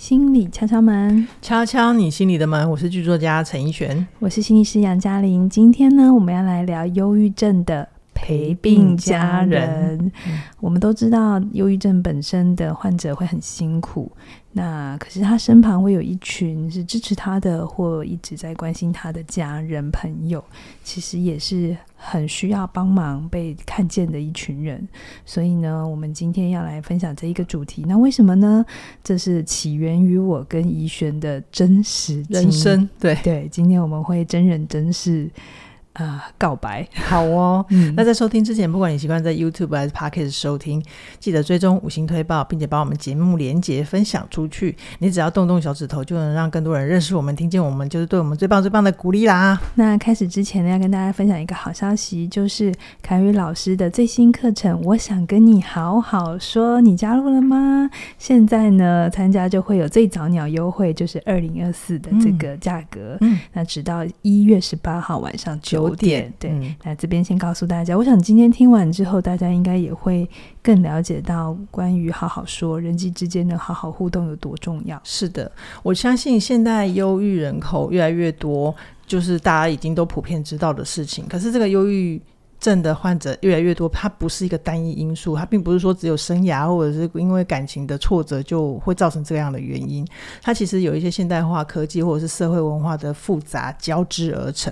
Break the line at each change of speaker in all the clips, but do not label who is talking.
心理敲敲門，
敲敲你心裡的門。我是劇作家陳奕璇，
我是心理師楊嘉玲。今天呢，我們要來聊憂鬱症的。陪病家人，嗯、我們都知道，憂鬱症本身的患者會很辛苦。那可是他身旁會有一群是支持他的，或一直在關心他的家人朋友，其實也是很需要幫忙、被看見的一群人。所以呢，我們今天要來分享這一個主題。那為什麼呢？這是起源於我跟怡璇的真實人生。對對，今天我們會真人真事。啊、呃，告白好哦。 嗯、那
在收聽之前，不管你習慣在 YouTube 還是 Pocket 收聽，記得追蹤五星推報，並且把我們節目連接分享出去。你只要動動小指頭，就能讓更多人認識我們、聽見我們，就是對我們最棒、最棒的鼓勵啦。那開始之前呢，要跟
大家分享一個好消息，就是凱宇老師的最新課程《我想跟你好好說》，你加入了嗎？現在呢，參加就會有最早鳥優惠，就是二零二四的這個價格。嗯，那直到一月十八號晚上九。有點對，嗯、那這邊先告訴大家，我想今天聽完之後，大家應該也會更了解到關於好好說人際之間的好好互動有多重要。是的，
我相信現代憂鬱人口越來越多，就是大家已經都普遍知道的事情。可是，這個憂鬱症的患者越來越多，它不是一個單一因素，它並不是說只有生涯或者是因為感情的挫折就會造成這樣的原因。它其實有一些現代化科技或者是社會文化的複雜交織而成。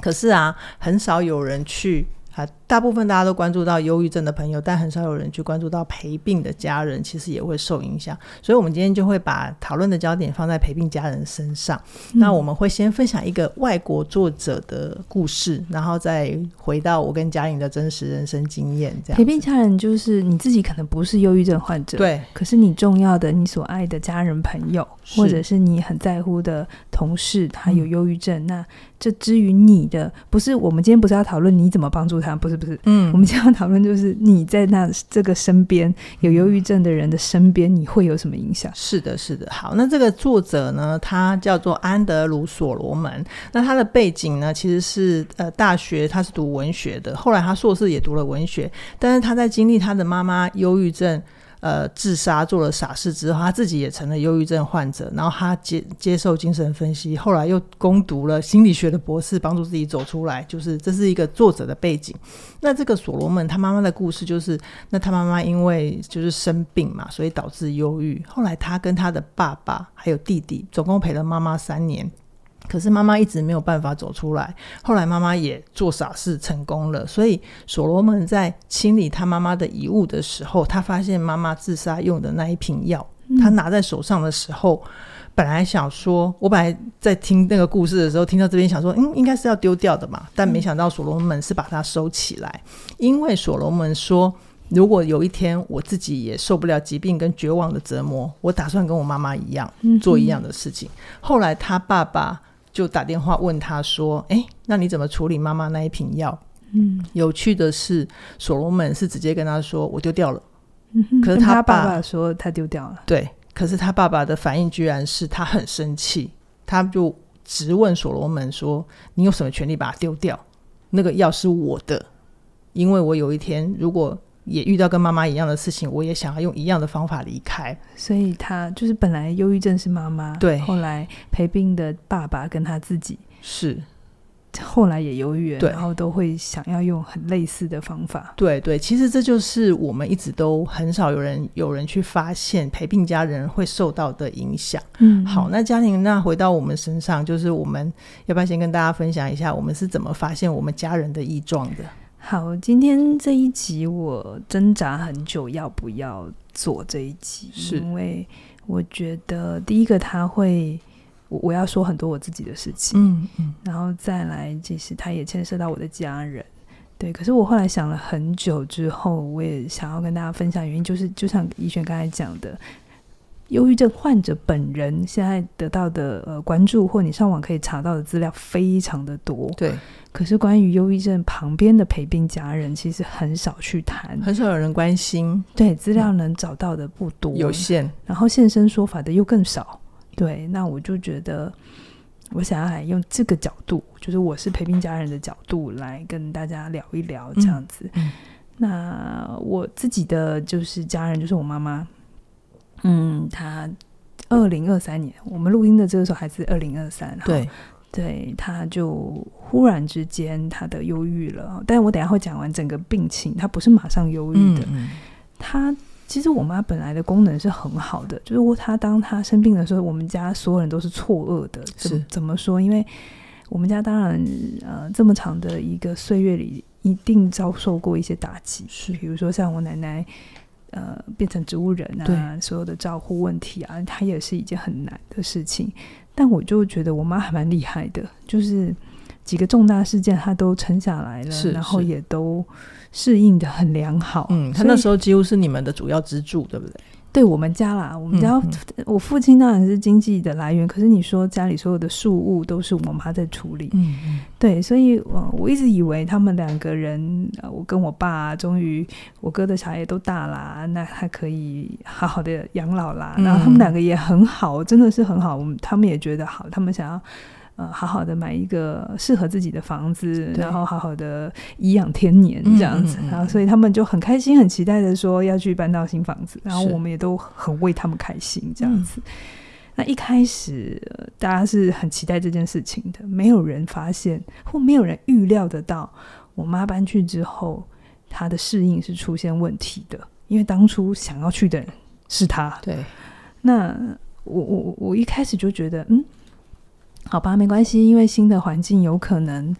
可是啊，很少有人去啊。大部分大家都關注到憂鬱症的朋友，但很少有人去關注到陪病的家人，其實也會受影響。所以，我們今天就會把討論的焦點放在陪病家人身上。嗯、那我們會先分享一個外國作者的故事，然後再回到我跟家人的真實人生經驗。這樣，陪病
家人就是你自己可能不是憂鬱症患者，對，可是你重要的、你所愛的家人、朋友，是或者是你很在乎的同事，他有憂鬱症，嗯、那。這至於你的，不是，我們今天不是要討論你怎麼幫助他，不是不是，嗯，我們今天要討論就是你在那這個身邊有憂鬱症的人的身邊，你會有什麼影響？是的，是的，好，那這個作
者呢，他叫做安德魯所羅門，那他的背景呢，其實是呃大學他是讀文學的，後來他碩士也讀了文學，但是他在經歷他的媽媽憂鬱症。呃，自殺做了傻事之後，他自己也成了憂鬱症患者，然後他接接受精神分析，後來又攻讀了心理學的博士，幫助自己走出來。就是這是一個作者的背景。那這個所羅門他媽媽的故事就是，那他媽媽因為就是生病嘛，所以導致憂鬱。後來他跟他的爸爸還有弟弟，總共陪了媽媽三年。可是媽媽一直沒有辦法走出來。後來媽媽也做傻事成功了。所以所羅門在清理他媽媽的遺物的時候，他發現媽媽自殺用的那一瓶藥，嗯、他拿在手上的時候，本來想說，我本來在聽那個故事的時候，聽到這邊想說，嗯，應該是要丟掉的嘛。但沒想到所羅門是把它收起來，因為所羅門說，如果有一天我自己也受不了疾病跟絕望的折磨，我打算跟我媽媽一樣做一樣的事情。嗯、哼後來他爸爸。就打電話問他說：“誒、欸，那你怎麼處理媽媽那一瓶藥？”嗯，有趣的是，所羅門是直接跟他說：“我丟掉了。
嗯哼”可是他爸，他爸爸說他丟掉了。
對，可是他爸爸的反應居然是他很生氣，他就質問所羅門說：“你有什麼權利把它丟掉？那個藥是我的，因為我有一天如果……”也遇到跟媽媽一樣的
事情，我也想要用一樣的方法離開。所以，他就是本來憂鬱症是媽媽，對，後來陪病的爸爸跟他自己是後來也憂鬱，對然後都會想要用很類似的方法。
對對，其實這就是我們一直都很少有人有人去發現陪病家人會受到的影響。嗯，好，那嘉玲，那回到我們身上，就是我們要不要先跟大家分享一下，我們是怎麼發現
我們家人的異狀的？好，今天這一集我掙扎很久要不要做這一集，是因為我覺得第一個他會我，我要說很多我自己的事情，嗯，嗯，然後再來就是他也牽涉到我的家人，對。可是我後來想了很久之後，我也想要跟大家分享原因，就是就像宜軒剛才講的。憂鬱症患者本人現在得到的呃關注，或你上網可以查到的資料非常的多。對，可是關於憂鬱症旁邊的陪病家人，其實很少去談，很少有人關心。對，資料能找到的不多，嗯、有限。然後現身說法的又更少。對，那我就覺得，我想要來用這個角度，就是我是陪病家人的角度來跟大家聊一聊這樣子。嗯嗯、那我自己的就是家人，就是我媽媽。嗯，他二零二三年，我們錄音的這個時候還是二零二三。對，對，他就忽然之間他的憂鬱了，但我等一下會講完整個病情，他不是馬上憂鬱的。嗯、他其實我媽本來的功能是很好的，就是他當他生病的時候，我們家所有人都是錯愕的。是，怎麼說？因為我們家當然呃這麼長的一個歲月裡，一定遭受過一些打擊。是，比如說像我奶奶。呃，變成植物人啊，對所有的照護問題啊，他也是一件很難的事情。但我就覺得我媽還蠻厲害的，就是幾個重大事件她都撐下來了，是是，然後也都適應得很良好。嗯，她所以那時候
幾乎是你們的主要支柱，對不對？
對我們家啦，我們家、嗯、哼我父親當然是經濟的來源，可是你說家裡所有的事務都是我媽在處理，嗯、哼對，所以我，我一直以為他們兩個人，我跟我爸終於我哥的小孩都大啦，那還可以好好的養老啦。嗯、然後他們兩個也很好，真的是很好，他們也覺得好，他們想要。呃，好好的買一個適合自己的房子，對然後好好的頤養天年這樣子。嗯嗯嗯，然後，所以他們就很開心、很期待的說要去搬到新房子。是然後，我們也都很為他們開心這樣子。嗯、那一開始大家是很期待這件事情的，沒有人發現或沒有人預料得到，我媽搬去之後她的適應是出現問題的。因為當初想要去的人是她，對。那我我我一開始就覺得，嗯。好吧，沒關係，因為新的環境有可能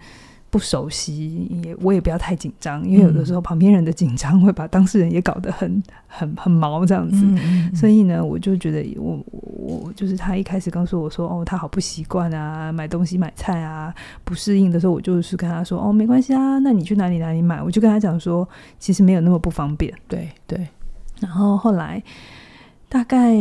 不熟悉，也我也不要太緊張，因為有的時候旁邊人的緊張會把當事人也搞得很很很毛這樣子。嗯嗯嗯嗯。所以呢，我就覺得我我就是他一開始剛說我說哦，他好不習慣啊，買東西買菜啊不適應的時候，我就是跟他說哦，沒關係啊，那你去哪裡哪裡買？我就跟他講說，其實沒有那麼不方便。對對，然後後來大概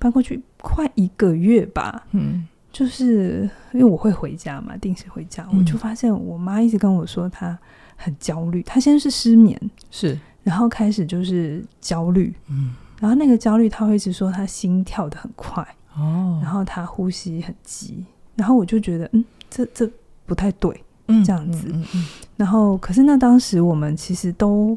搬過去快一個月吧，嗯。就是因為我會回家嘛，定時回家，嗯、我就發現我媽一直跟我說她很焦慮，她先是失眠，是，然後開始就是焦慮，嗯，然後那個焦慮她會一直說她心跳得很快，哦，然後她呼吸很急，然後我就覺得嗯，這這不太對，嗯、這樣子，嗯嗯嗯、然後可是那當時我們其實都，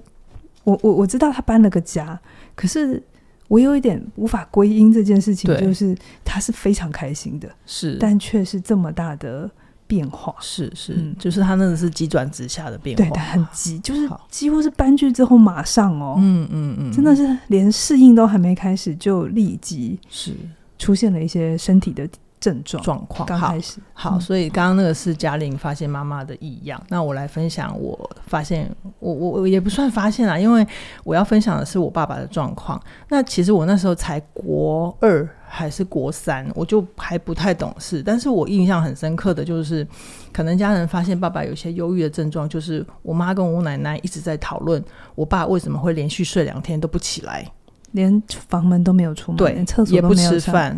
我我我知道她搬了個家，可是。我有一點無法歸因這件事情，就是他是非常開心的，是對，但卻是這麼大的變化，是是，是嗯、就是他那個是急轉直下的變化，對，他很急，嗯、就是幾乎是搬去之後馬上哦，嗯嗯嗯，真的是連適應都還沒開始，就立即是出現了一些身
體的。症狀狀況剛開始好，所以剛剛那個是嘉玲發現媽媽的異樣。嗯、那我來分享，我發現我我，我也不算發現啦，因為我要分享的是我爸爸的狀況。那其實我那時候才國二還是國三，我就還不太懂事。但是我印象很深刻的就是，可能家人發現爸爸有些憂鬱的症狀，就是我媽跟我奶奶一直在討論，我爸為什麼會連續睡兩天
都不起來，連房門都沒有出門，對，連廁所也不吃飯。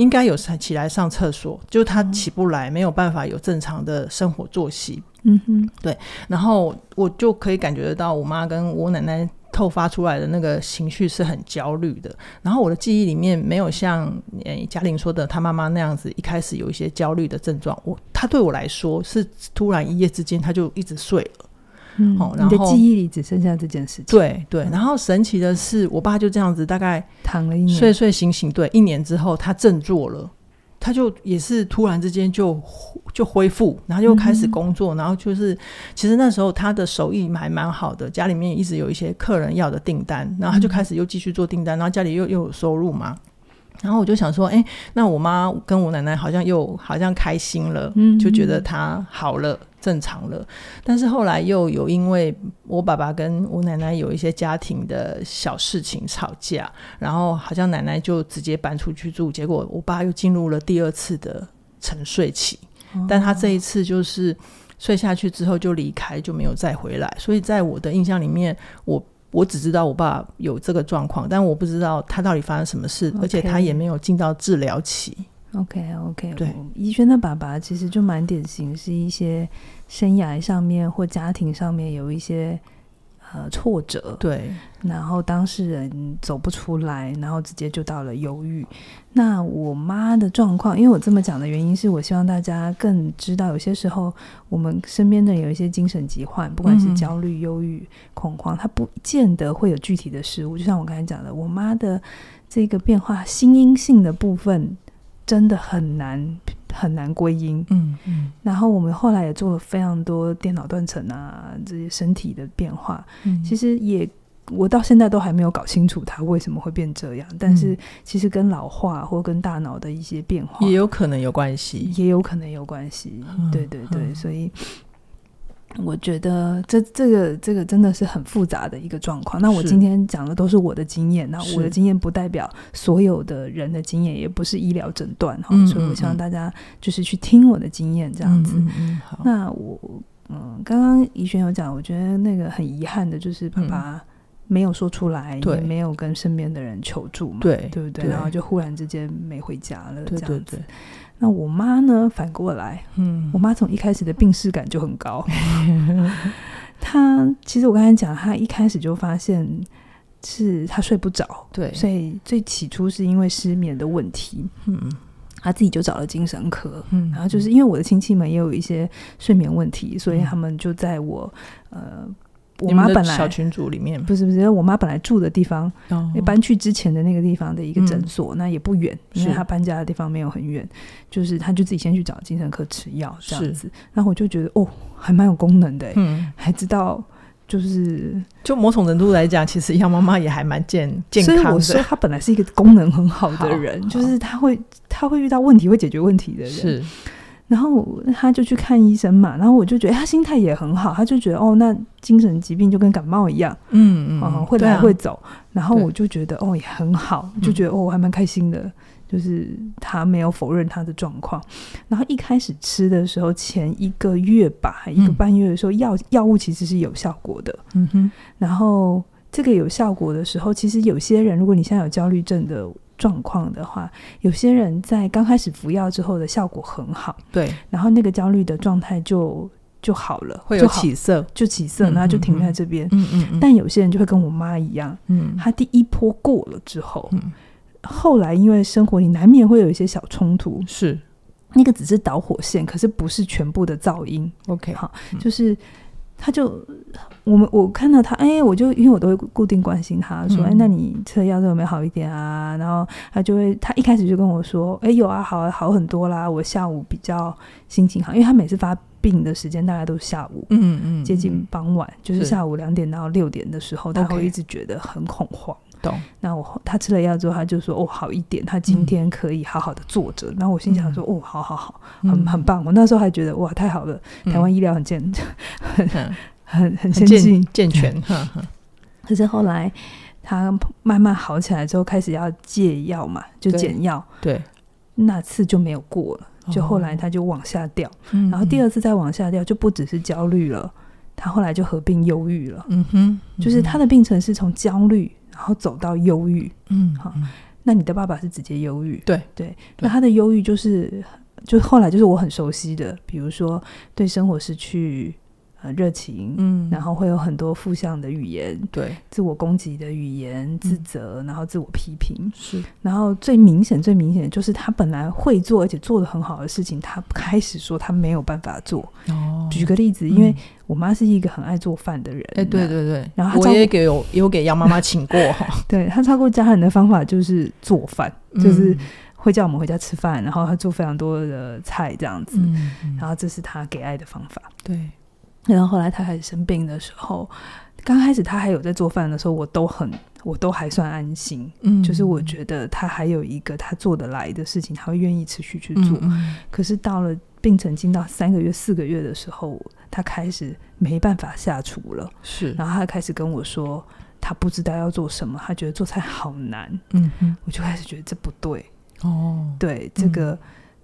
應該有起來上廁所，就他起不來，嗯、沒有辦法有正常的生活作息。嗯哼，對。然後我就可以感覺到我媽跟我奶奶透發出來的那個情緒是很焦慮的。然後我的記憶裡面沒有像誒嘉玲說的，她媽媽那樣子一開始有一些焦慮的症狀。我她對我來說是突然一夜之間，她就一直睡了。
哦，嗯、然後你的記憶裡只剩下這件事情。對
對，然後神奇的是，我爸就這樣子，大概躺了一年，睡睡醒醒，對，一年之後他振作了，他就也是突然之間就就恢復，然後又開始工作，嗯、然後就是其實那時候他的手藝還蠻好的，家裡面一直有一些客人要的訂單，然後他就開始又繼續做訂單，然後家裡又又有收入嘛。然後我就想說，哎、欸，那我媽跟我奶奶好像又好像開心了，嗯嗯，就覺得她好了，正常了。但是後來又有因為我爸爸跟我奶奶有一些家庭的小事情吵架，然後好像奶奶就直接搬出去住，結果我爸又進入了第二次的沉睡期，但他這一次就是睡下去之後就離開，就沒有再回來。所以在我的印象裡面，我。我只知道我爸有這個狀況，但我不知道他到底發生什麼事，Okay. 而且他也沒有進到治療期。
OK，OK，okay, okay, 對，宜萱的爸爸其實就蠻典型，是一些生涯上面或家庭上面有一些。呃，挫折，對，然後當事人走不出來，然後直接就到了憂鬱。那我媽的狀況，因為我這麼講的原因是，我希望大家更知道，有些時候我們身邊的人有一些精神疾患，不管是焦慮、憂鬱、恐慌，嗯、它不見得會有具體的事物。就像我剛才講的，我媽的這個變化，心因性的部分。真的很難很難歸因，嗯，嗯，然後我們後來也做了非常多電腦斷層啊，這些身體的變化，嗯，其實也我到現在都還沒有搞清楚它為什麼會變這樣，嗯，但是其實跟老化或跟大腦的一些變化也
有可能有關
係，也有可能有關係，嗯，對對對，嗯，所以。我覺得這這個這個真的是很複雜的一個狀況。那我今天講的都是我的經驗，那是我的經驗不代表所有的人的經驗，也不是醫療診斷哈是、哦。所以，我希望大家就是去聽我的經驗嗯嗯嗯這樣子。嗯,嗯,嗯好，那我嗯，剛剛怡軒有講，我覺得那個很遺憾的就是爸爸、嗯、沒有說出來，對也沒有跟身邊的人求助嘛，對對不對？對然後就忽然之間沒回家了，對對對這樣子。那我媽呢？反過來，嗯，我媽從一開始的病識感就很高。 她其實我剛才講，她一開始就發現是她睡不着，對，所以最起初是因為失眠的問題。嗯，她自己就找了精神科，嗯，然後就是因為我的親戚們也有一些睡眠問題，嗯、所以他們就在我呃。
我媽本來小群
組裡面，不是不是，因為我媽本來住的地方，搬去之前的那個地方的一個診所，那也不遠，因為她搬家的地方沒有很遠，就是她就自己先去找精神科吃藥這樣子。然後我就覺得哦，還蠻有功能的，嗯，還知道就是，就某種程度來講，其實楊媽媽也還蠻健健康的，所以她本來是一個功能很好的人，就是她會她會遇到問題會解決問題的人。然後他就去看醫生嘛，然後我就覺得、哎、他心態也很好，他就覺得哦，那精神疾病就跟感冒一樣，嗯嗯，嗯哦、會來會走。啊、然後我就覺得對哦也很好，就覺得哦我還蠻開心的，就是他沒有否認他的狀況。嗯、然後一開始吃的時候前一個月吧，一個半月的時候藥、嗯、藥物其實是有效果的，嗯哼。然後這個有效果的時候，其實有些人如果你現在有焦慮症的。狀況的話，有些人在剛開始服藥之後的效果很好，對，然後那個焦慮的狀態就就好了，會有起色，就,就起色，嗯嗯嗯然後就停在這邊。嗯,嗯嗯，但有些人就會跟我媽一樣，嗯，他第一波過了之後，嗯、後來因為生活裡難免會有一些小衝突，是那個只是導火線，可是不是全部的噪音。OK，好，就是。嗯他就，我們我看到他，哎，我就因為我都會固定關心他說，嗯、哎，那你吃藥有沒有好一點啊？然後他就會，他一開始就跟我說，哎，有啊，好啊，好很多啦。我下午比較心情好，因為他每次發病的時間大概都是下午，嗯、嗯嗯，接近傍晚，就是下午兩點到六點的時候，他會是一直覺得很恐慌。Okay 嗯懂，那我後他吃了藥之後，他就說：“哦，好一點。”他今天可以好好的坐着。嗯、然後我心想說：“嗯、哦，好好好，很、嗯、很棒。”我那時候還覺得：“哇，太好了！台灣醫療很健，嗯、呵呵很很很先進健全。呵呵”可是後來他慢慢好起來之後，開始要戒藥嘛，就減藥。對，對那次就沒有過了，就後來他就往下掉。哦、然後第二次再往下掉，就不只是焦慮了，他後來就合併憂鬱了。嗯哼，嗯哼就是他的病程是從焦慮。然後走到憂鬱，嗯，好、哦，嗯、那你的爸爸是直接憂鬱，對對，對那，他的憂鬱就是，對，就後來就是我很熟悉的，比如說對生活失去，熱情，嗯，然後會有很多負向的語言，對，自我攻擊的語言，自責，然後自我批評，是。然後最明顯、最明顯的就是，他本來會做而且做得很好的事情，他開始說他沒有辦法做。哦。舉個例子，因為我媽是一個很愛做飯的人，哎，對對對。然後我也給
有有給楊媽媽請過，
對，他超過家人的方法就是做飯，就是會叫我們回家吃飯，然後他做非常多的菜這樣子，然後這是他給愛的方法。對。然後後來他開始生病的時候，剛開始他還有在做飯的時候，我都很，我都還算安心，嗯，就是我覺得他還有一個他做得來的事情，他會願意持續去做。嗯、可是到了病程進到三個月、四個月的時候，他開始沒辦法下廚了，是。然後他開始跟我說，他不知道要做什麼，他覺得做菜好難，嗯，我就開始覺得這不對哦，對，這個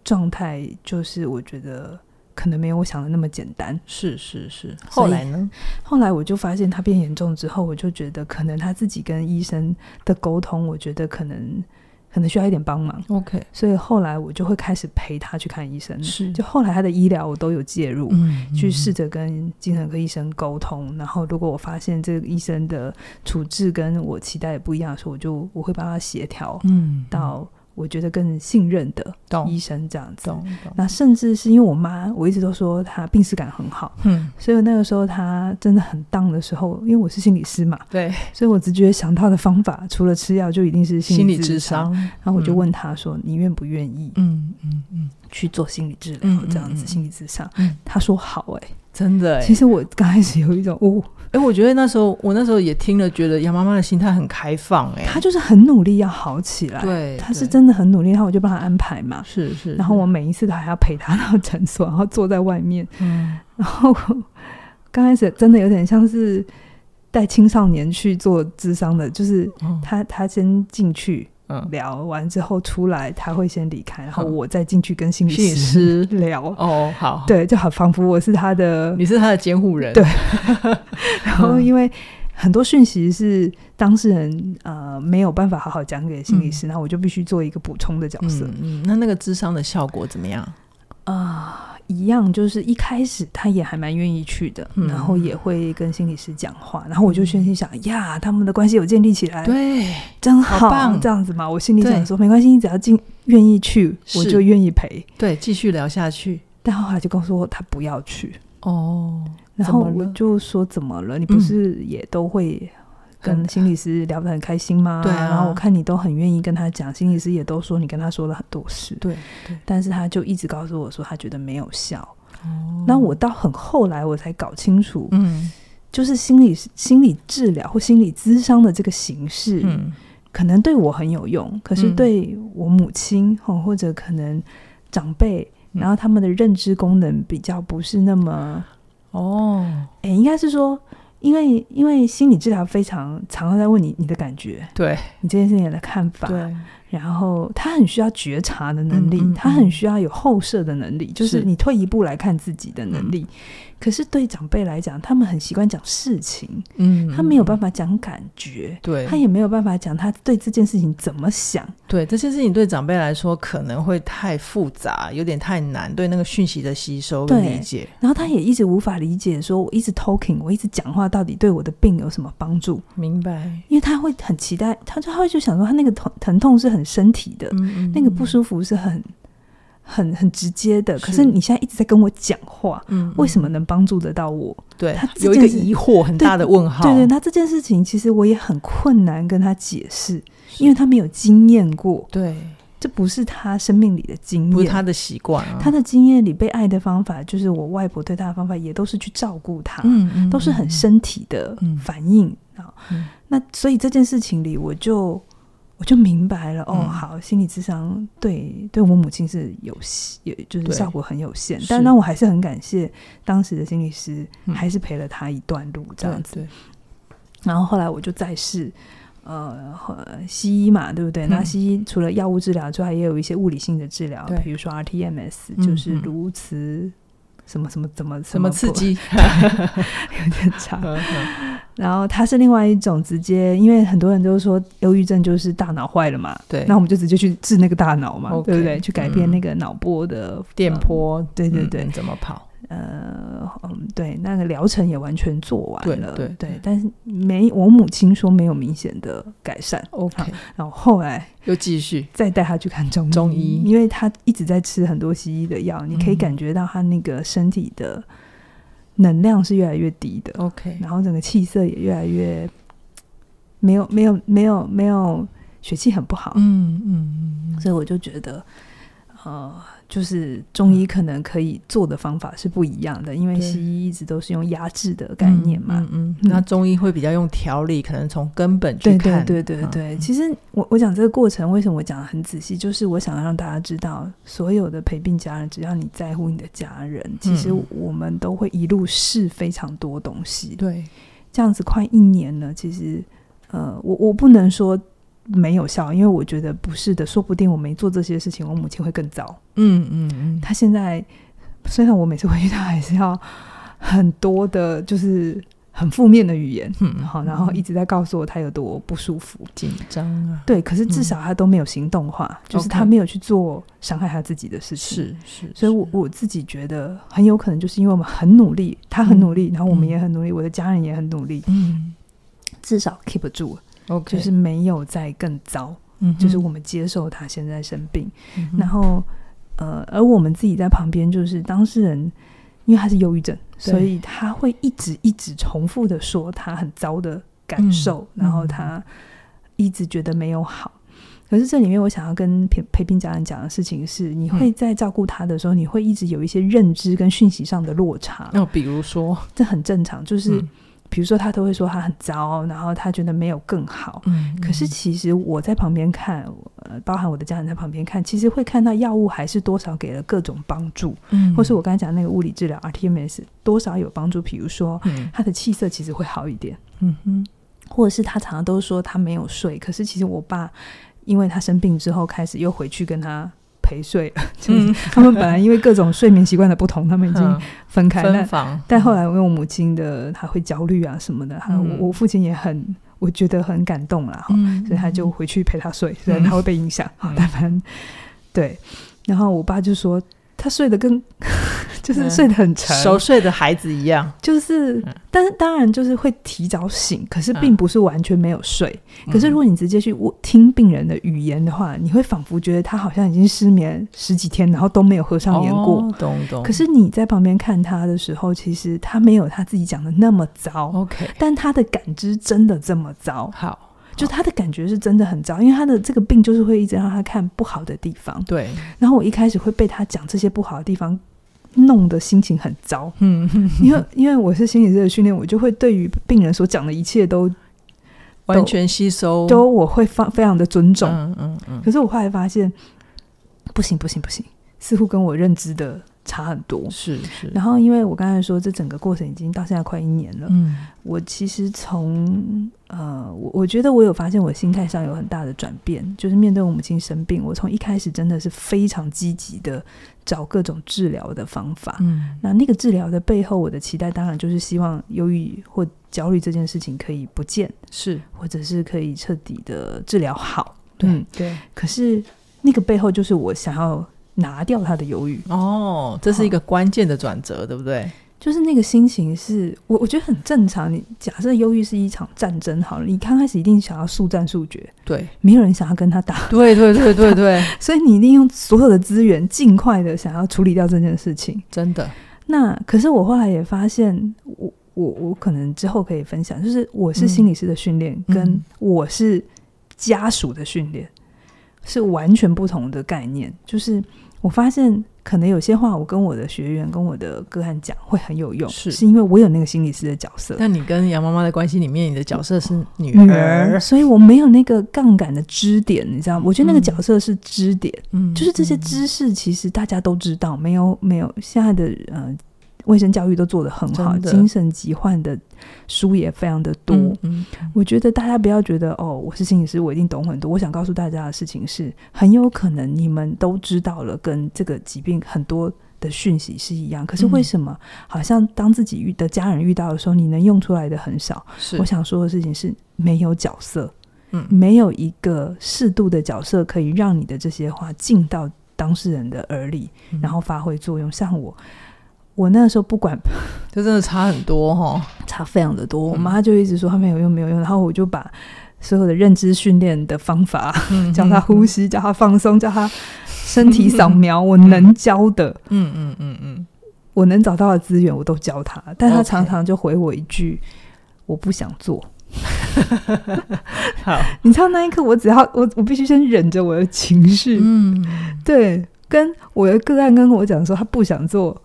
狀態就是我覺得。可能沒有我想的那麼簡單。是是是。後來呢？後來我就發現他變嚴重之後，我就覺得可能他自己跟醫生的溝通，我覺得可能可能需要一點幫忙。OK。所以後來我就會開始陪他去看醫生。是。就後來他的醫療我都有介入，嗯嗯嗯，去試着跟精神科醫生溝通。然後如果我發現這個醫生的處置跟我期待也不一樣的時候，我就我會幫他協調，嗯，到。我覺得更信任的醫生這樣子，那甚至是因為我媽，我一直都說她病恥感很好，嗯，所以那個時候她真的很 down 的時候，因為我是心理師嘛，對，所以我直覺想到的方法，除了吃藥，就一定是心理治療，治療，然後我就問她說：“嗯、你願不願意？”嗯嗯嗯，去做心理治療這樣子，心理治療，嗯、她說好、欸：“好。”誒’。真的哎、欸，其實我剛開始有一種哦，哎，欸、我覺得那時
候我那時候也聽了，覺得楊媽媽的心態很開放哎、欸，她就是很
努力要好起來，對，她是真的很努力，然後對我就幫她安排嘛，是，是是，然後我每一次都還要陪她到診所，然後坐在外面，嗯，然後剛開始真的有點像是帶青少年去做諮商的，就是他、嗯、他先進去。嗯、聊完之後出來，他會先離開，嗯、然後我再進去跟心理師聊。哦，好，對，就很彷彿我是他的，你是他的監護人，對。 然後，因為很多訊息是當事人、嗯、呃沒有辦法好好講給心理師，嗯、那我就必須做一個補充的角色。嗯，那那個諮商的效果怎麼樣啊？呃一樣，就是一開始他也還蠻願意去的，然後也會跟心理師講話，然後我就心想呀，他們的關係有建立起來，對，真好棒，這樣子嘛，我心裡想說，沒關係，你只要進願意去，我就願意陪，對，繼續聊下去。但後來就告訴我，他不要去哦，然後我就說怎麼了？你不是也都會？跟心理師聊得很開心嗎？對。然後我看你都很願意跟他講，心理師也都說你跟他說了很多事。對。但是他就一直告訴我說他覺得沒有效。哦。那我到很後來我才搞清楚，嗯，就是心理心理治療或心理諮商的這個形式，嗯，可能對我很有用，可是對我母親或者可能長輩，然後他們的認知功能比較不是那麼，哦，誒，應該是說。因為，因為心理治療非常常常在問你，你的感覺，對你這件事情的看法，對然後他很需要覺察的能力，他、嗯嗯嗯、很需要有後設的能力，就是你退一步來看自己的能力。是嗯可是對長輩來講，他們很習慣講事情，嗯，嗯，他沒有辦法講感覺，對，他也沒有辦法講他對這件事情怎麼想，
對，這些事情對長輩來說可能會太複雜，有
點太難對那個訊息的吸收理解對。然後他也一直無法理解，說我一直 talking，我一直講話到底對我的病有什麼幫助？明白？因為他會很期待，他就他就想說他那個疼疼痛是很身體的，嗯嗯嗯那個不舒服是很。很很直接的，可是你現在一直在跟我講話，嗯嗯、為什麼能幫助得到我？
對，他有一個疑惑很
大的問號。對對，對對，那這件事情其實我也很困難跟他解釋，是因為他沒有經驗過。對，這不是他生命裡的經驗，不是他
的習慣、啊。他的
經驗裡被愛的方法，就是我外婆對他的方法，也都是去照顧他，嗯嗯嗯，都是很身體的反應，那所以這件事情裡，我就。我就明白了，哦，好，心理諮商、嗯、對對我母親是有也就是效果很有限。對但那我還是很感謝當時的心理師，嗯、還是陪了她一段路這樣子。然後後來我就再試，呃，西醫嘛，對不對？嗯、那西醫除了藥物治療之外，也有一些物理性的治療，對比如說 RTMS，、嗯、就是如此。什麼什麼怎麼什麼，什麼刺激？不好 有點差差。 然後它是另外一種直接，因為很多人都說憂鬱症就是大腦壞了嘛，對，那我們就直接去治那個大腦嘛，okay, 對不對？嗯、去改變那個腦波的電波、嗯，對對對，嗯、怎麼跑？呃嗯，對，那個療程也完全做完了，對對對，對，但是沒我母親說沒有明顯的改善，OK。然後後來又繼續再帶他去看中醫中醫，因為他一直在吃很多西醫的藥，嗯、你可以感覺到他那個身體的能量是越來越低的，OK。然後整個氣色也越來越沒有沒有沒有沒有血氣很不好，嗯嗯嗯，嗯嗯所以我就覺得。呃，就是中醫可能可以做的方法是不一樣的，因為西醫一直都是用壓制的概念嘛。嗯，嗯嗯那中醫會比較用調理，嗯、可能從根本去看。對對對，對，對，對、嗯、其實我我講這個過程，為什麼我講得很仔細，就是我想要讓大家知道，所有的陪病家人，只要你在乎你的家人，嗯、其實我們都會一路試非常多東西。對，這樣子快一年了，其實呃，我我不能說。沒有效，因為我覺得不是的，說不定我沒做這些事情，我母親會更糟，嗯。嗯嗯嗯，她現在雖然我每次回去，她還是要很多的，就是很負面的語言。嗯，好後，嗯、然後一直在告訴我她有多不舒服、緊張啊。對，可是至少她都沒有行動化，嗯、就是她沒有去做傷害她自己的事情。是是，所以我，我我自己覺得很有可能就是因為我們很努力，她很努力，嗯、然後我們也很努力，嗯、我的家人也很努力。嗯，至少 keep 住。Okay. 就是沒有再更糟，嗯、哼就是我們接受他現在生病，嗯、哼然後呃，而我們自己在旁邊，就是當事人，因為他是憂鬱症，對所以他會一直一直重複的說他很糟的感受，嗯、然後他一直覺得沒有好。嗯、哼可是這裡面我想要跟陪病家人講的事情是，你會在照顧他的時候，嗯、你會一直有一些認知跟訊息上的落差。那比如說，這很正常，就是。嗯比如說，他都會說他很糟，然後他覺得沒有更好。嗯嗯。可是其實我在旁邊看，包含我的家人在旁邊看，其實會看到藥物還是多少給了各種幫助，嗯，或是我剛才講那個物理治療 RTMS 多少有幫助。比如說，他的氣色其實會好一點，嗯哼，或者是他常常都說他沒有睡，可是其實我爸，因為他生病之後開始又回去跟他。陪睡，就是、他們本來因為各種睡眠習慣的不同，嗯、他們已經分開、嗯、但分房。但後來我用母親的，他會焦慮啊什麼的。我、嗯、我父親也很，我覺得很感動了、啊，嗯、所以他就回去陪他睡，嗯、所以他會被影響。嗯、但凡、嗯、對，然後我爸就說。他睡得跟、 就是睡得很沉，嗯，熟睡
的孩子一樣。
就是，嗯，但是當然就是會提早醒，可是並不是完全沒有睡。嗯，可是如果你直接去聽病人的語言的話，嗯，你會仿佛覺得他好像已經失眠十幾天，然後都沒有合上眼過。哦、懂、懂、可是你在旁邊看他的時候，其實他沒有他自己講的那麼糟。OK，、嗯、但他的感知真的這麼糟。好。就他的感覺是真的很糟，因為他的這個病就是會一直讓他看不好的地方。對。然後我一開始會被他講這些不好的地方，弄得心情很糟。嗯， 因為因為我是心理師的訓練，我就會對於病人所講的一切都，都完全吸收，都我會放非常的尊重。嗯嗯。嗯嗯，可是我後來發現，不行不行不行，似乎跟我認知的。差很多，是是。然後，因為我剛才說，嗯、這整個過程已經到現在快一年了。嗯，我其實從呃，我我覺得我有發現，我心態上有很大的轉變。就是面對我母親生病，我從一開始真的是非常積極的找各種治療的方法。嗯，那那個治療的背後，我的期待當然就是希望憂鬱或焦慮這件事情可以不見，是或者是可以徹底的治療好。對對。可是那個背後，就是我想要。拿掉他
的憂鬱哦，這是一個關鍵的轉折，嗯、對不對？
就是那個心情是我，我覺得很正常。你假設憂鬱是一場戰爭好了，你剛開始一定想要速戰速決，對，沒有人想要跟他打，對對對對對對，所以你一定用所有的資源，盡快的想要處理掉這件事情。真的，那可是我後來也發現，我我我可能之後可以分享，就是我是心理師的訓練，嗯、跟我是家屬的訓練。是完全不同的概念，就是我發現可能有些話，我跟我的學員、跟我的個案講會很有用，是，是因為我有那個心理師的角色。那你跟楊媽媽的關係裡面，你的角色是女兒，嗯，所以我沒有那個槓桿的支點，你知道嗎？我覺得那個角色是支點，嗯，就是這些知識其實大家都知道，沒有沒有現在的呃。衛生教育都做得很好，真的精神疾患的書也非常的多。嗯、我覺得大家不要覺得哦，我是心理師，我一定懂很多。我想告訴大家的事情是，很有可能你們都知道了，跟這個疾病很多的訊息是一樣。可是為什麼、嗯、好像當自己的家人遇到的時候，你能用出來的很少？是我想說的事情是沒有角色，嗯，沒有一個適度的角色可以讓你的這些話進到當事人的耳裡，嗯、然後發揮作用。像我。我那個時候不管，就真的差很多哈，哦，差非常的多。我媽就一直說她沒有用，沒有用。然後我就把所有的認知訓練的方法，教她，嗯嗯嗯，呼吸，教她放鬆，教她身體掃描，嗯嗯我能教的，嗯嗯嗯嗯，我能找到的資源我都教他，但他常常就回我一句：“ Okay. 我不想做。 ” 好，你知道那一刻我只要我我必須先忍着我的情緒，嗯，嗯，對，跟我的個案跟我講說他不想做。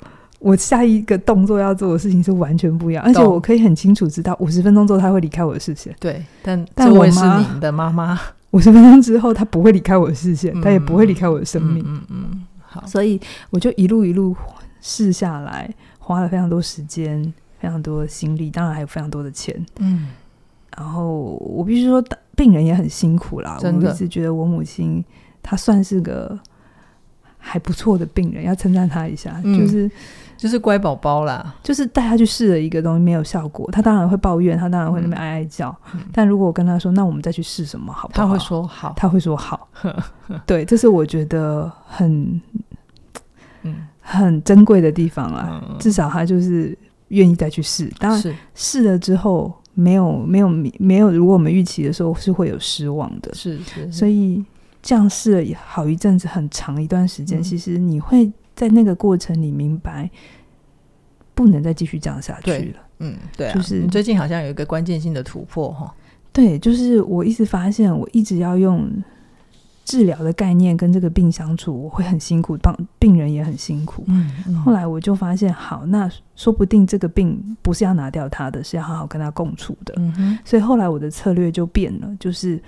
我下一個動作要做的事情是完全不一樣，懂而且我可以很清楚知道，五十分鐘之後他會離開我的視線。對，但這位是你的媽媽，五十分鐘之後他不會離開我的視線，嗯、他也不會離開我的生命。嗯嗯，嗯，好，所以我就一路一路試下來，花了非常多時間、非常多的心力，當然還有非常多的錢。嗯，然後我必須說，病人也很辛苦啦。的我一直覺得我母親她算是個。還不錯的病人，要稱讚他一下，嗯、就是就是乖寶寶啦，就是帶他去試了一個東西，沒有效果，他當然會抱怨，他當然會那邊哀哀叫。嗯、但如果我跟他說，那我們再去試什麼，好不好？他會說好，他會說好。呵呵對，這是我覺得很很珍貴的地方啦。嗯、至少他就是願意再去試。當然試是了之後，沒有沒有沒有，沒有如果我們預期的時候是會有失望的，是，是是，所以。這樣試了好一陣子，很長一段時間，嗯、其實你會在那個過程裡明白，不能再繼續這樣下去了。嗯，
對、啊，就是你最近
好像有一個關鍵性的突破哈。哦、對，就是我一直發現，我一直要用治療的概念跟這個病相處，我會很辛苦，幫病人也很辛苦。嗯，嗯後來我就發現，好，那說不定這個病不是要拿掉它的，是要好好跟他共處的。嗯哼，所以後來我的策略就變了，就是。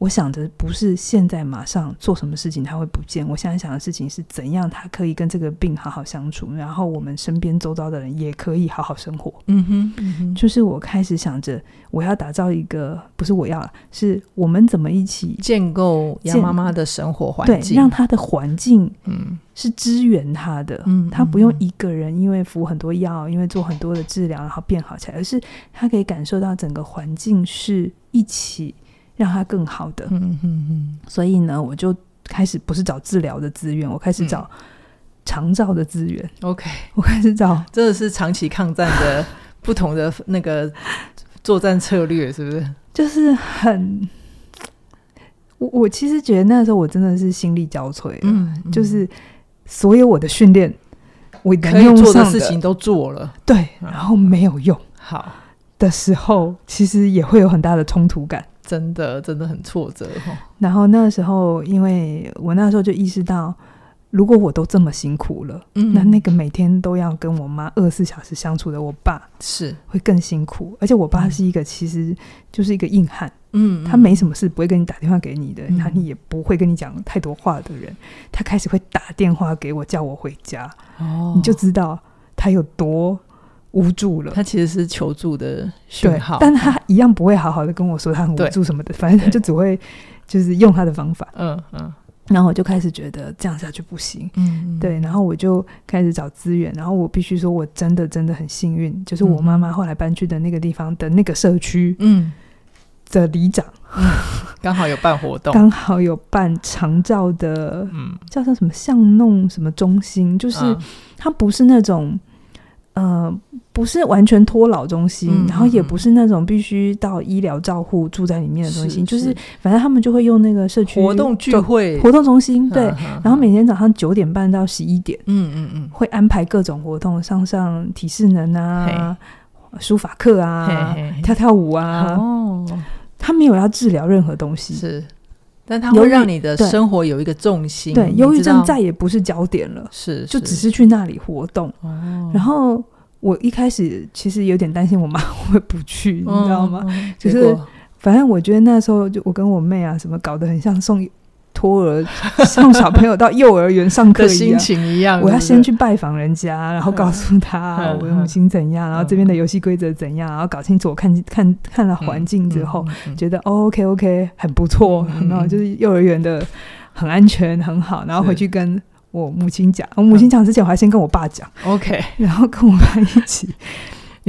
我想着不是現在馬上做什麼事情他會不見，我現在想的事情是怎樣他可以跟這個病好好相處，然後我們身邊周遭的人也可以好好生活。嗯哼，嗯哼，就是我開始想着我要打造一個不是我要，啊，是我們怎麼一起建構養媽媽的生活環境，對，讓他的環境嗯是支援他的，他，嗯、不用一個人因為服很多藥，因為做很多的治療，然後變好起來，而是他可以感受到整個環境是一起讓他更好的，嗯嗯嗯，嗯嗯所以呢，我就開始不是找治療的資源，我開始找長照的資源。嗯、OK，我開始找，真的是長期抗戰的 不同的
那個作戰策略，是不是？
就是很，我我其實覺得那時候我真的是心力交瘁，嗯，就是所有我的訓練，我可以做的事情
都做了，
對，然後沒有用，嗯，好，的時候其實也會有很大的衝突感。真的真的很挫折、哦、然後那時候，因為我那時候就意識到，如果我都這麼辛苦了，嗯嗯那那個每天都要跟我媽二十四小時相處的我爸是會更辛苦。是而且我爸是一個其實就是一個硬漢，嗯，他沒什麼事不會跟你打電話給你的，嗯嗯他你也不會跟你講太多話的人。嗯、他開始會打電話給我，叫我回家哦，你就知道他有多無助了，他其實是求助的信號，對，但他一樣不會好好的跟我說他很無助什麼的，對反正他就只會就是用他的方法，嗯嗯對，然後我就開始覺得這樣下去不行，嗯，嗯，對，然後我就開始找資源，然後我必須說我真的真的很幸運，就是我媽媽後來搬去的那個地方的那個社區，嗯，的里長剛、嗯、好有
辦活動，剛
好有辦長照的，嗯，叫做什麼巷弄什麼中心，就是他不是那種。呃，不是完全託老中心，嗯、然後也不是那種必須到醫療照護住在裡面的東西，是就是反正他們就會用那個社區活動聚會活動中心，對，呵呵呵然後每天早上九點半到十一點，嗯嗯嗯，會安排各種活動，上上體適能啊，嘿書法課啊，嘿嘿嘿跳跳舞啊，哦，他沒有要治療任何東西，嗯、是。
但他會讓你的生活有一個重心，對，憂鬱症再
也不是焦點了，是，是就只是去那裡活動。哦、然後我一開始其實有點擔心我媽會不去，哦、你知道嗎？嗯、就是反正我覺得那時候就我跟我妹啊什麼搞得很像送。托兒送小朋友到幼兒園上課的心情一樣，我要先去拜訪人家，然後告訴他我母親怎樣，然後這邊的遊戲規則怎樣，然後搞清楚，看看看了環境之後，覺得 OK OK 很不錯，然後就是幼兒園的很安全很好，然後回去跟我母親講，我母親講之前我還先跟我爸講 OK，然後跟我爸一起。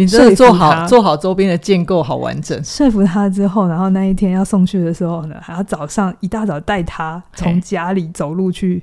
你得做好做
好周邊的建構，好完整。
說服他之後，然後那一天要送去的時候呢，還要早上一大早帶他從家裡走路去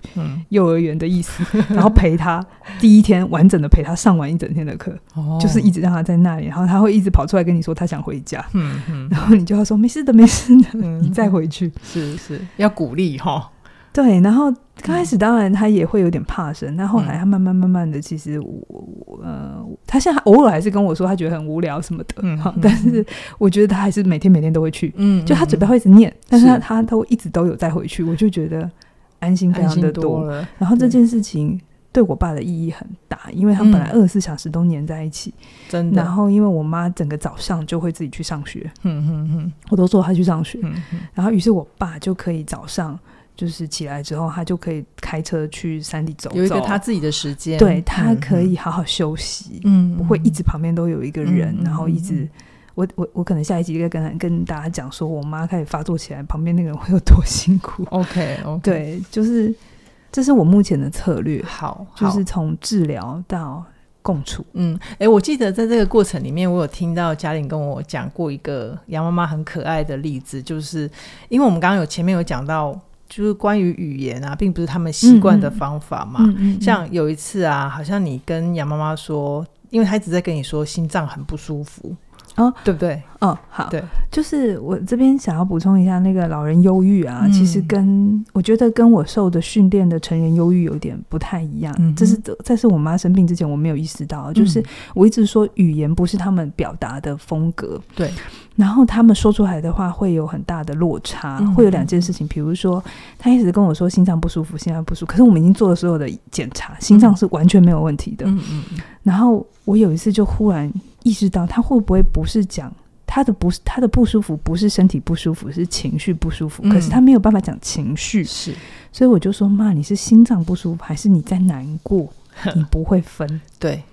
幼兒園的意思，嘿然後陪他 第一天完整的陪他上完一整天的課，哦、就是一直讓他在那裡，然後他會一直跑出來跟你說他想回家，嗯嗯，嗯然後你就要說沒事的，沒事的，嗯、你再回去，是是要鼓勵哈、哦。對，然後剛開始當然他也會有點怕生，那後來他慢慢慢慢的，其實我我呃，他現在偶爾還是跟我說他覺得很無聊什麼的，嗯，但是我覺得他還是每天每天都會去，嗯，就他嘴巴會一直念，但是他他都一直都有再回去，我就覺得安心非常的多。然後這件事情對我爸的意義很大，因為他本來二十四小時都黏在一起，真的。然後因為我媽整個早上就會自己去上學，嗯嗯嗯，我都說他去上學，嗯，然後於是我爸就可以早上。就是起來之後，他就可以開車去山地走走，有一個他自己的時間，對，他可以好好休息，嗯，嗯，不會一直旁邊都有一個人，嗯嗯然後一直，我我我可能下一集應該跟跟大家講，說我媽開始發作起來，旁邊那個人會有多辛苦。OK，OK，Okay, okay. 對，就是這是我目前的策略，好，好，就是從治療到共處，嗯，哎、欸，我記得在這個過程裡面，我有聽
到嘉玲跟我講過一個楊媽媽很可愛的例子，就是因為我們剛剛有前面有講到。就是關於語言啊，並不是他們習慣的方法嘛。嗯嗯嗯、像有一次啊，好像你跟楊媽媽說，因為她一直在跟你說心臟很不舒服，
哦，對不對？哦，好。對，就是我這邊想要補充一下，那個老人憂鬱啊，嗯、其實跟我覺得跟我受的訓練的成人憂鬱有點不太一樣。嗯、哼這是，這是我媽生病之前我沒有意識到，嗯、就是我一直說語言不是他們表達的風格，對。然後他們說出來的話會有很大的落差，嗯、會有兩件事情。比如說，他一直跟我說心臟不舒服，心臟不舒服，可是我們已經做了所有的檢查，心臟是完全沒有問題的。嗯嗯。然後我有一次就忽然意識到，他會不會不是講他的不是他的不舒服，不是身體不舒服，是情緒不舒服？嗯、可是他沒有辦法講情緒，是。所以我就說：“媽，你是心臟不舒服，還是你在難過？你不會分。呵呵”對。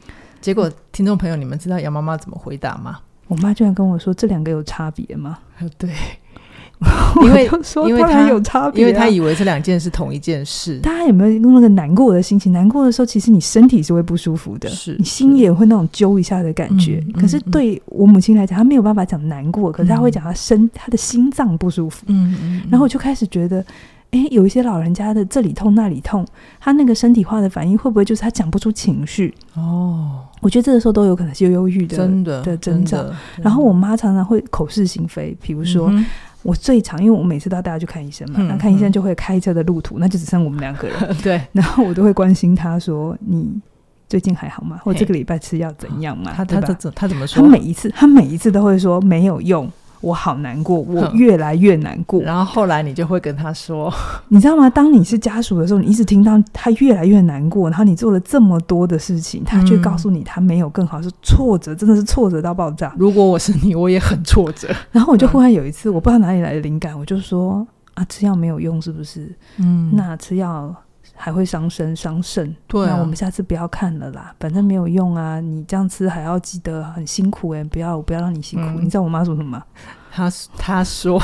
結果，嗯、聽眾朋友，你們知道楊媽媽怎麼回答嗎？
我媽居然跟我說：“這兩個有差別嗎？”啊、對，
因為 我說，因為他有差別、啊，因為他以為這兩件是同一件事。 大
家有沒有用那個難過的心情？難過的時候，其實你身體是會不舒服的，是你心也會那種揪一下的感覺。對嗯、可是對我母親來講，嗯、她沒有辦法講難過，可是她會講她身，嗯、她的心臟不舒服。嗯，嗯，然後我就開始覺得。誒，有一些老人家的這裡痛那裡痛，他那個身體化的反應會不會就是他講不出情緒？哦，我覺得這個時候都有可能是憂鬱的，真的的真的。然後我媽常常會口是心非，比如說我最常，因為我每次都要帶她去看醫生嘛，那看醫生就會開車的路途，那就只剩我們兩個人。對。然後我都會關心她說：“你最近還好嗎？或這個禮拜吃藥怎樣嘛？”她她她怎麼說？她每一次，她每一次都會說沒有用。我好難過，我越來越難過。嗯、然後後來你就會跟他說， 你知道嗎？當你是家屬的時候，你一直聽到他越來越難過，然後你做了這麼多的事情，他卻告訴你他沒有更好，是挫折，真的是挫折到爆炸。如果我是你，我也很挫折。 然後我就忽然有一次，我不知道哪裡來的靈感，我就說啊，吃藥沒有用，是不是？嗯，那吃藥。還會傷身傷腎，對啊、那、我們下次不要看了啦，反正沒有用啊！你這樣吃還要記得很辛苦哎、欸，不要不要讓你辛苦。嗯、你知道我媽說什麼嗎？她她說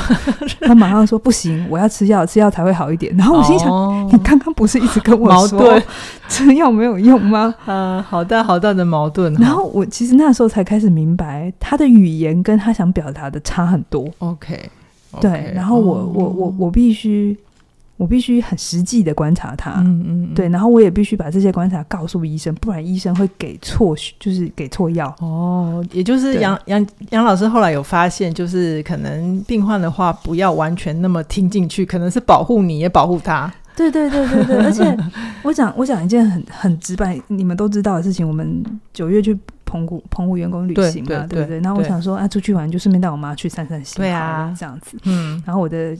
她馬上說 不行，我要吃藥，吃藥才會好一點。然後我心想，哦、你剛剛不是一直跟我說吃藥盾沒有用嗎？啊、 嗯，好大好大的矛盾、啊、然後我其實那時候才開始明白，他的語言跟他想表達的差很多。OK、okay，對，然後我、嗯、我我我必須。我必須很實際的觀察他，嗯，嗯嗯，對，然後我也必須把這些觀察告訴醫生，不然醫生會給錯，就是給錯藥。哦，也就是楊
楊楊老師後來有發現，就是可能病患的話，不要完全那麼聽進去，可能是保護你也保護他。
對對對對對， 而且我講我講一件很很直白，你們都知道的事情。我們九月去澎湖澎湖員工旅行嘛，對不對,對,對,對,對？然後我想說對啊，出去玩就順便帶我媽去散散心，對啊，這樣子。然後我的、嗯、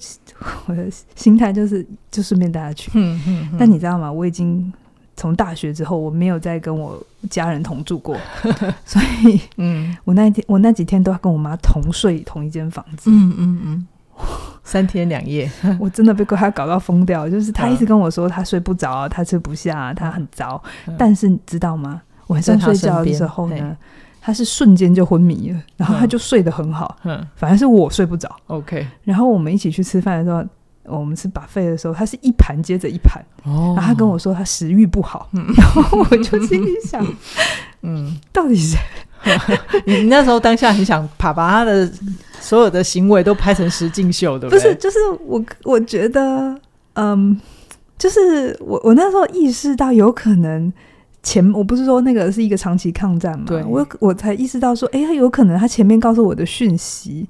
我的心態就是，就順便帶她去。但、嗯嗯嗯、你知道嗎？我已經從大學之後，我沒有再跟我家人同住過，嗯、所以，嗯，我那天我那幾天都要跟我媽同睡同一間房子。嗯嗯嗯。三天兩夜， 我真的被他搞到瘋掉。就是他一直跟我說他睡不着，他吃不下，他很糟。嗯、但是你知道嗎？晚上睡覺的時候呢，他，他是瞬間就昏迷了，然後他就睡得很好。嗯，反正是我睡不着。嗯。OK。然後我們一起去吃飯的時候，我們吃 buffet 的時候，他是一盤接着一盤。哦。然後他跟我說他食欲不好，嗯、然後我就心裡想，嗯，到底是誰？嗯？ 你那時候當下
很想爬爬他的。所有的行為都拍成實境秀，對不對？不是，就
是我，我覺得，嗯，就是我，我那時候意識到，有可能前我不是說那個是一個長期抗戰嘛，對，我我才意識到說，哎、欸，他有可能他前面告訴我的訊息，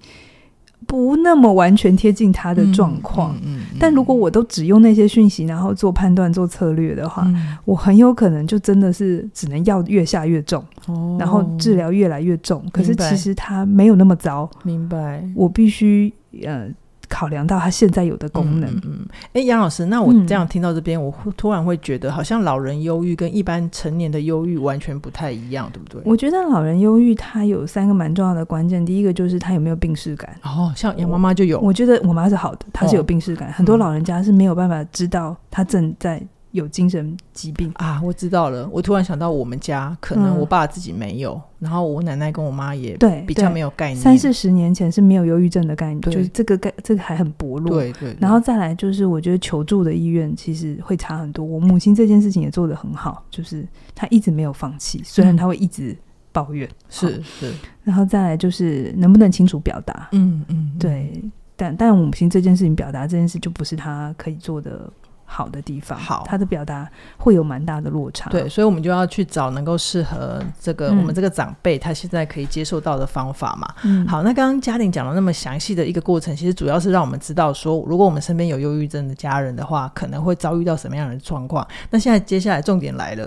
不那麼完全貼近他的狀況，嗯嗯嗯、但如果我都只用那些訊息，然後做判斷、做策略的話，嗯、我很有可能就真的是只能藥越下越重，哦、然後治療越來越重。明白、可是其實他沒有那麼糟，明白？我必須，呃。考量到他現在有的功能嗯，嗯，
誒，楊老師，那我這樣聽到這邊，嗯、我突然會覺得，好像老人憂鬱跟一般成年的憂鬱完全不太一樣，對不對？我
覺得老人憂鬱，他有三個蠻重要的關鍵，第一個就是他有沒有病識感。哦，像楊媽媽就有我，我覺得我媽是好的，她是有病識感，哦、很多老人家是沒有辦法知道他正在。有精神疾病啊，我知道
了。我突然想到，我們家可能我爸自己沒有，嗯、然後我奶奶跟我媽也比較對對沒有概念。三四
十年前是沒有憂鬱症的概念，對就是這個概這個還很薄弱。對對。對對對，然後再來就是，我覺得求助的意願其實會差很多。我母親這件事情也做得很好，就是她一直沒有放棄，雖然她會一直抱怨。是、嗯啊、是。是，然後再來就是能不能清楚表達？嗯嗯。嗯，對，但但我母親這件事情表達這件事就不是她可以做的好的地方，好，他的表達會有蠻大的落差。對，
所以我們就要去找能夠適合這個我們這個長輩他現在可以接受到的方法嘛。嗯，好，那剛剛嘉玲講了那麼詳細的一個過程，其實主要是讓我們知道說，如果我們身邊有憂鬱症的家人的話，可能會遭遇到什麼樣的狀況。那現在接下來重點來了，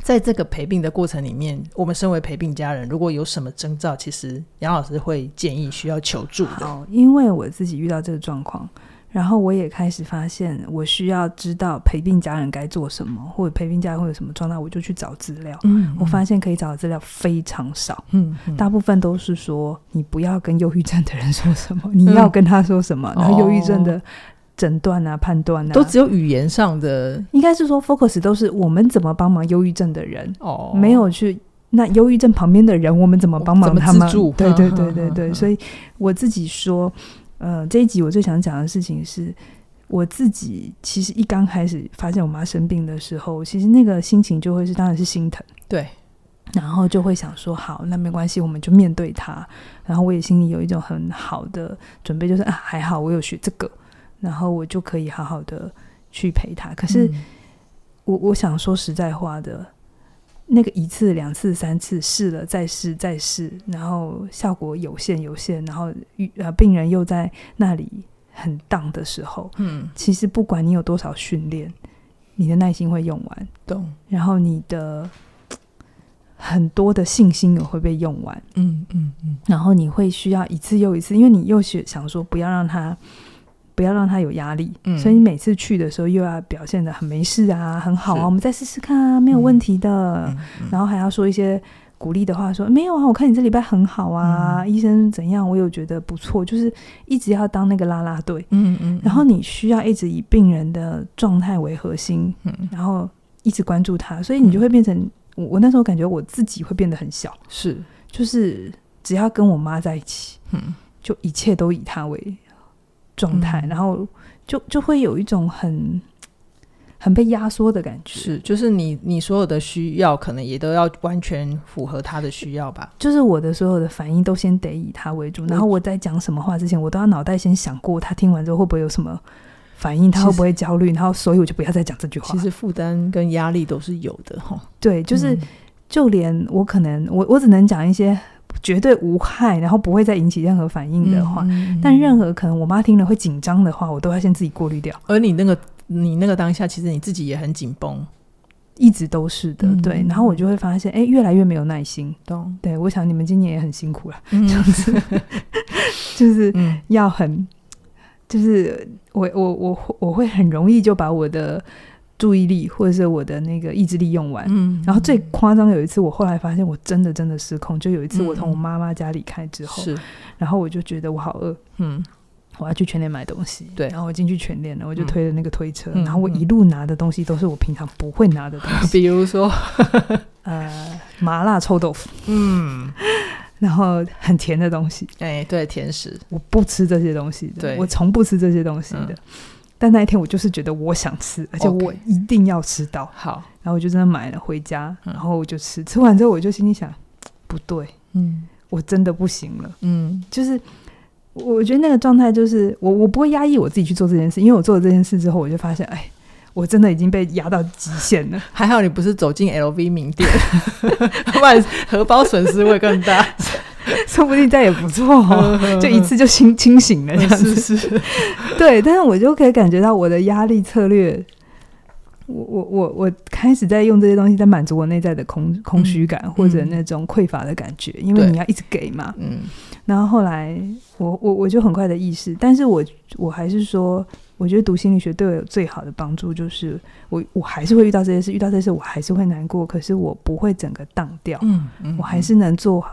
在這個陪病的過程裡面，我們身為陪病家人，如果有什麼徵兆，其實
楊老師會建議需要求助的哦？因為我自己遇到這個狀況。然後我也開始發現，我需要知道陪病家人該做什麼，或者陪病家人會有什麼狀態，我就去找資料。嗯，我發現可以找的資料非常少。嗯，大部分都是說你不要跟憂鬱症的人說什麼，你要跟他說什麼。然後憂鬱症的診斷啊、判斷啊，都只有語言上的。應該是說 focus 都是我們怎麼幫忙憂鬱症的人哦，沒有去那憂鬱症旁邊的人，我們怎麼幫忙他們？對對對對對，所以我自己說。呃，這一集我最想講的事情是，我自己其實一剛開始發現我媽生病的時候，其實那個心情就會是，當然是心疼，對，然後就會想說，好，那沒關係，我們就面對她。然後我也心裡有一種很好的準備，就是啊，還好我有學這個，然後我就可以好好的去陪她。可是我，我、嗯、我想說實在話的。那個一次兩次三次試了再試再試，然後效果有限有限，然後呃病人又在那裡很 down 的時候，嗯，其實不管你有多少訓練，你的耐心會用完，懂然後你的很多的信心也會被用完，嗯嗯嗯，
嗯
嗯然後你會需要一次又一次，因為你又想說不要讓他。不要讓他有壓力，嗯、所以你每次去的時候又要表現得很沒事啊，是很好啊，我們再試試看啊，沒有問題的。嗯嗯嗯、然後還要說一些鼓勵的話，說沒有啊，我看你這禮拜很好啊，嗯、醫生怎樣，我有覺得不錯，就是一直要當那個啦啦隊。嗯嗯。然後你需要一直以病人的狀態為核心，嗯、然後一直關注他，所以你就會變成我。嗯、我那時候感覺我自己會變得很小，是，就是只要跟我媽在一起，
嗯，
就一切都以他為。狀態，然後就就會有一種很很被壓縮的感覺。是，就是你你所有的需要，可能也都要完全符合他的需要吧。就是我的所有的反應，都先得以他為主。然後我在講什麼話之前，我都要腦袋先想過，他聽完之後會不會有什麼反應，他會不會焦慮，其實，然後所以我就不要再講這句話。其實負擔跟壓力都是有的。哦，對，就是，嗯，就連我可能，我我只能講一些。絕對無害，然後不會再引起任何反應的話，嗯、但任何可能我媽聽了會緊張的話，我都要先自己過濾掉。而你那個，你那個當下，其實你自己也很緊繃，一直都是的，嗯、對。然後我就會發現，哎、欸，越來越沒有耐心。懂？對，我想你們今年也很辛苦了，嗯、就是， 就是要很，就是我我我我會很容易就把我的。注意力或者是我的那個意志力用完，嗯，然後最誇張有一次，我後來發現我真的真的失控。就有一次，我從我媽媽家離開之後，是，然後我就覺得我好餓，嗯，我要去全店買東西，對，然後我進去全店了，我就推了那個推車，然後我一路拿的東西都是我平常不會拿的東西，比如說呃麻辣臭豆腐，嗯，然後很甜的東西，哎，對，甜食，我不吃這些東西的，對，我從不吃這些東西的。但那一天我就是覺得我想吃，而且我一定要吃到。Okay. 好，然後我就真的買了回家，嗯、然後我就吃。吃完之後我就心裡想，不對，嗯，我真的不行了，嗯，就是我覺得那個狀態就是我我不會壓抑我自己去做這件事，因為我做了這件事之後，我就發現，哎，我真的已經被壓到極限了。嗯、還好你不是走進 LV 名店，
不然荷包損失會更大。
說不定再也不錯，喔，就一次就清清醒了，這樣子。 是是 對，但是我就可以感覺到我的壓力策略，我我我我開始在用這些東西在滿足我內在的空空虛感或者那種匱乏的感覺，因為你要一直給嘛。嗯對。然後後來我，我我我就很快的意識，但是我我還是說，我覺得讀心理學對我有最好的幫助，就是我我還是會遇到這些事，遇到這些事我還是會難過，可是我不會整個當掉，嗯，嗯嗯，我還是能做。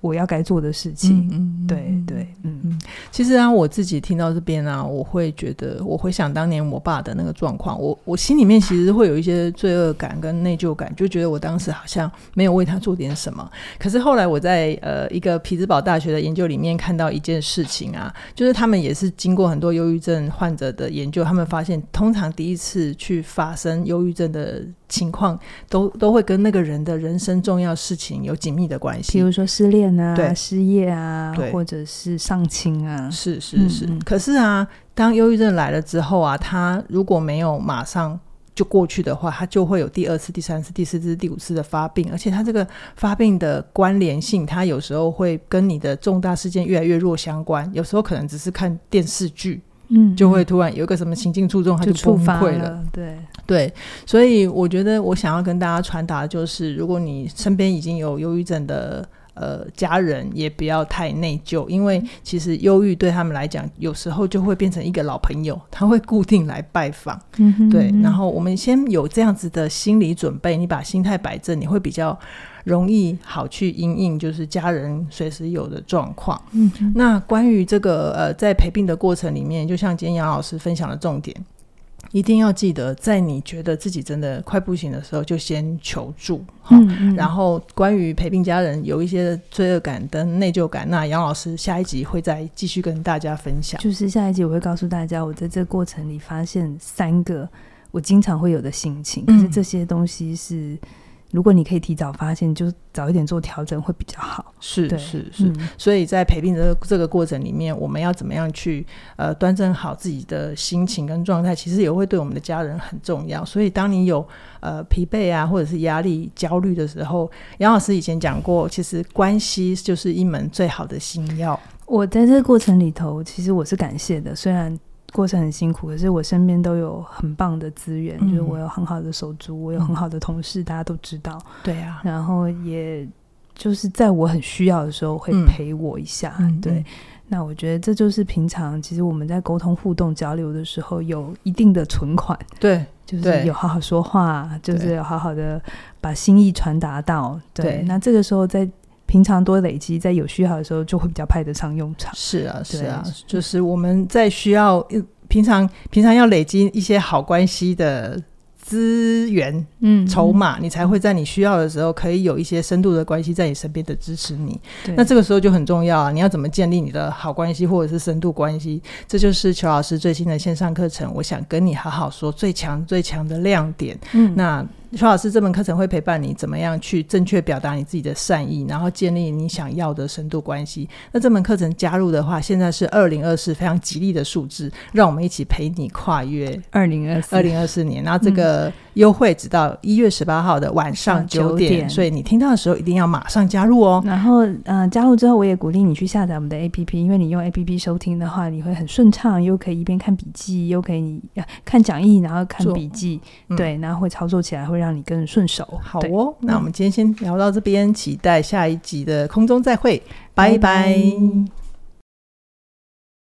我要該做的事情，嗯，嗯，嗯，對，對對，嗯嗯，其實啊，我自己聽到這邊啊，我會覺得我
會想當年我爸的那個狀況，我我心裡面其實會有一些罪惡感跟內疚感，就覺得我當時好像沒有為他做點什麼。可是後來我在呃一個匹茲堡大學的研究裡面看到一件事情啊，就是他們也是經過很多憂鬱症患者的研究，他們發現通常第一次去發生憂鬱症的。情況都都會跟那個人的人生重要事情有緊密的關係，比如
說失戀啊、對失
業啊，對或者是喪親啊。是是是，嗯嗯，可是啊，當憂鬱症來了之後啊，他如果沒有馬上就過去的話，他就會有第二次、第三次、第四次、第五次的發病，而且他這個發病的關聯性，他有時候會跟你的重大事件越來越弱相關，有時候可能只是看電視劇。嗯，就會突然有一個什麼情境觸動他就崩潰了，了對對，所以我覺得我想要跟大家傳達的就是，如果你身邊已經有憂鬱症的呃家人，也不要太內疚，因為其實憂鬱對他們來講，有時候就會變成一個老朋友，他會固定來拜訪。嗯哼嗯哼，對。然後我們先有這樣子的心理準備，你把心態擺正，你會比較。容易好去因應，就是家人隨時有的狀況。嗯哼，那關於這個呃，在陪病的過程裡面，就像今天楊老師分享的重點，一定要記得，在你覺得自己真的快不行的時候，就先求助。好，嗯嗯，然後，關於陪病家人有一些罪惡感跟內疚感，那楊
老師下一集會再繼續跟大家分享。就是下一集我會告訴大家，我在這個過程裡發現三個我經常會有的心情，嗯、可是這些東西是。如果你可以提早發現，就早一點做調整會比較好。是對是是，嗯、所
以在陪病的這個過程裡面，我們要怎麼樣去呃端正好自己的心情跟狀態，其實也會對我們的家人很重要。所以當你有呃疲憊啊，或者是壓力、焦慮的時候，楊老師以前講過，其實關係就是一門最好的
心藥。我在這個過程裡頭，其實我是感謝的，雖然。過程很辛苦，可是我身邊都有很棒的資源，嗯、就是我有很好的手足，我有很好的同事，嗯、大家都知道。對啊，然後也就是在我很需要的時候會陪我一下。嗯、對，嗯嗯那我覺得這就是平常其實我們在溝通、互動、交流的時候有一定的存款。對，就是有好好說話，對就是有好好的把心意傳達到。對，對那這個時候在。平常多累積，在有需要的時候就會比較派得上用場。是啊，是啊，對就是我們在需要，平常平
常要累積一些好關係的資源，嗯，籌碼碼，嗯、你才會在你需要的時候可以有一些深度的關係在你身邊的支持你。對那這個時候就很重要啊！你要怎麼建立你的好關係或者是深度關係？這就是邱老師最新的線上課程，我想跟你好好說，最強最強的亮點。嗯，那。邱老師這門課程會陪伴你怎麼樣去正確表達你自己的善意，然後建立你想要的深度關係。那這門課程加入的話，現在是二零二四非常吉利的數字，讓我們一起陪你跨越二零二四二零二四年。那、嗯、這個優惠直到一月十八號的晚
上九點，嗯、所以你聽到的時候一定要馬上加入哦、喔。然後嗯、呃，加入之後我也鼓勵你去下載我們的 APP，因為你用 APP 收聽的話，你會很順暢，又可以一邊看筆記，又可以看講義，然後看筆記，嗯、對，然後會操作起來會讓。讓你更順手，好哦。對那我們今天先聊到這邊，期待下一集的空中再會，嗯、拜拜。拜拜。